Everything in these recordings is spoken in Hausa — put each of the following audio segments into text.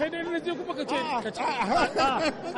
sai dai na je kuma ka ce ah, ka ce ah, ah.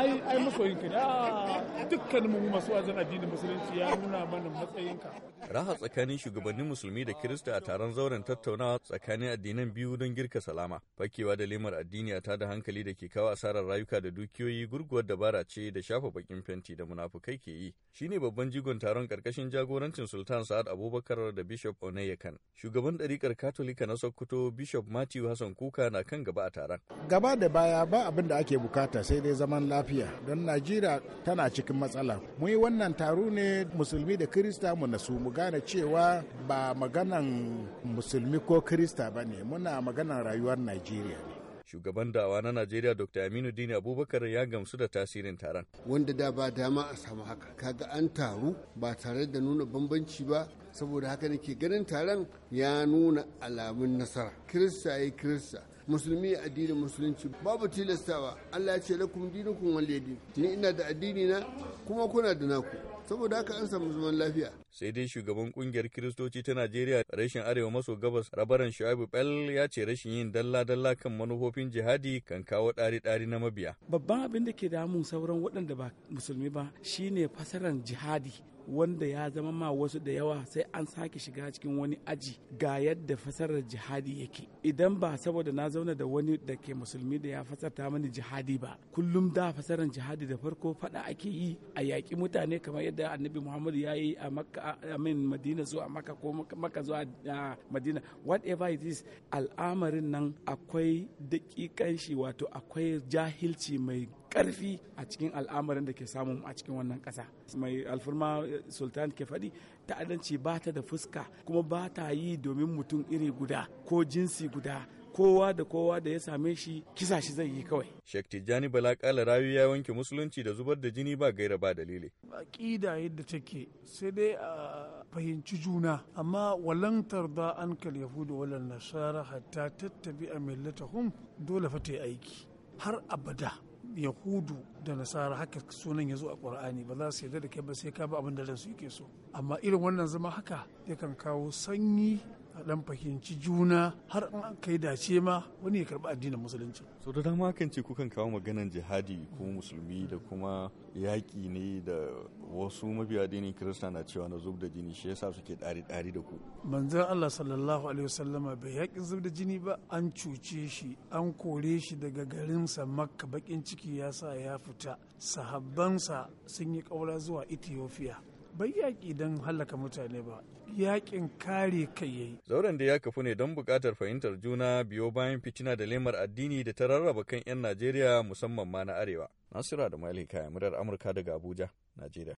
ai ai masoyin ka dukkan mu masu wajen addinin musulunci ya nuna mana matsayin ka raha tsakanin shugabannin musulmi da kirista a taron zauren tattaunawa tsakanin addinan biyu don girka salama fakewa da lemar addini a tada hankali da ke kawo asarar rayuka da dukiyoyi gurguwar dabara ce da shafa bakin fenti da munafukai ke yi shine babban jigon taron karkashin jagorancin sultan sa'ad abubakar da bishop onayakan shugaban ɗarikar katolika na sokoto bishop matthew hassan kuka na kan gaba a taron gaba da baya ba abin da ake bukata sai dai zaman lafiya don najeriya tana cikin matsala mu yi wannan taro ne musulmi da kirista mu nasu mu gane cewa ba maganan musulmi ko kirista ba ne muna maganan rayuwar najeriya ne shugaban dawa na najeriya dr aminu dini abubakar ya gamsu da tasirin taron wanda da ba dama a samu haka kaga an taru ba tare da nuna bambanci ba saboda haka nake ganin taron ya nuna alamun nasara kirista ya kirista musulmi ya addinin musulunci babu tilastawa Allah ya ce lakum dinukum waliyadin ni ina da addini na kuma kuna da naku saboda haka an samu zaman lafiya sai dai shugaban kungiyar kiristoci ta Najeriya rashin arewa maso gabas rabaran Shu'aibu Bel ya ce rashin yin dalla dalla kan manufofin jihadi kan kawo ɗari ɗari na mabiya babban abin da ke damun sauran waɗanda ba musulmi ba shine fasaran jihadi wanda ya zama ma wasu da yawa sai sai an sake shiga cikin wani aji ga yadda fasarar jihadi yake idan ba saboda na zauna da wani da ke musulmi da ya fasarta mani jihadi ba kullum da fasarar jihadi da farko fada ake yi a yaƙi mutane kamar yadda annabi muhammadu ya yi a makka amin madina zuwa makka ko makka zuwa uh, madina whatever it is al'amarin nan akwai daƙiƙan wato akwai jahilci mai karfi a cikin al'amarin da ke samun a cikin wannan kasa mai alfurma eh, sultan ke faɗi ta'addanci ba ta da fuska kuma ba ta yi domin mutum iri guda ko jinsi guda kowa da kowa da ya same shi kisa shi zai yi kawai. shek Tijjani Bala kala rayu ya wanke musulunci da zubar da jini ba gaira ba dalili. kida yadda take sai dai a fahimci juna amma walantar da an kal yahudu wal nasara hatta tattabi a millatahum dole fa ta aiki har abada yahudu da nasara haka sunan ya zo a ƙur'ani ba za su yarda da kai ba sai ka ba abin da ransu yake so amma irin wannan zama haka yakan kawo sanyi kaɗan fahimci juna har an kai dace ma wani ya karɓi addinin musulunci so da dama kan ce kukan kawo maganan jihadi ko musulmi da kuma yaƙi ne da wasu mabiya addinin kirista na cewa na zub da jini shi yasa suke ɗari ɗari da ku manzon Allah sallallahu alaihi wasallama bai yaƙi zub da jini ba an cuce shi an kore shi daga garinsa makka bakin ciki ya sa ya fita sahabbansa sun yi ƙaura zuwa ethiopia bai yaƙi don hallaka mutane ba yaƙin kare kai yayi. Zauren da ya kafu ne don buƙatar fahimtar juna biyo bayan fitina da lemar addini da ta rarraba kan 'yan Najeriya musamman ma na Arewa. Nasira da Malika Murar Amurka daga Abuja, Najeriya.